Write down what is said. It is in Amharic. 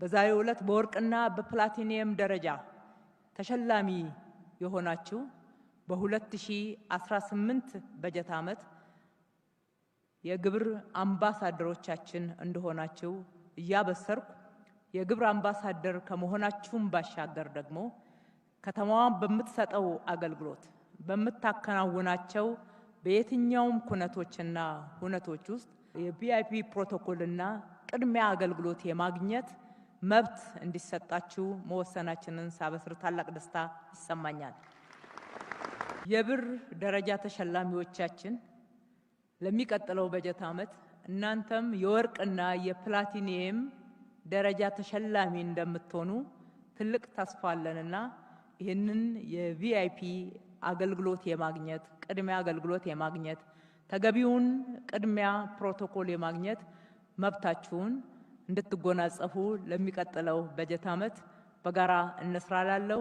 በዛሬ ዕለት በወርቅና በፕላቲኒየም ደረጃ ተሸላሚ የሆናችሁ በ2018 በጀት ዓመት የግብር አምባሳደሮቻችን እንደሆናችሁ እያበሰርኩ የግብር አምባሳደር ከመሆናችሁም ባሻገር ደግሞ ከተማዋን በምትሰጠው አገልግሎት በምታከናውናቸው በየትኛውም ኩነቶችና ሁነቶች ውስጥ የቪአይፒ ፕሮቶኮልና ቅድሚያ አገልግሎት የማግኘት መብት እንዲሰጣችሁ መወሰናችንን ሳበስር ታላቅ ደስታ ይሰማኛል። የብር ደረጃ ተሸላሚዎቻችን ለሚቀጥለው በጀት ዓመት እናንተም የወርቅና የፕላቲኒየም ደረጃ ተሸላሚ እንደምትሆኑ ትልቅ ተስፋ አለንና ይህንን የቪአይፒ አገልግሎት የማግኘት ቅድሚያ አገልግሎት የማግኘት ተገቢውን ቅድሚያ ፕሮቶኮል የማግኘት መብታችሁን እንድትጎናጸፉ ለሚቀጥለው በጀት ዓመት በጋራ እንስራ ላለው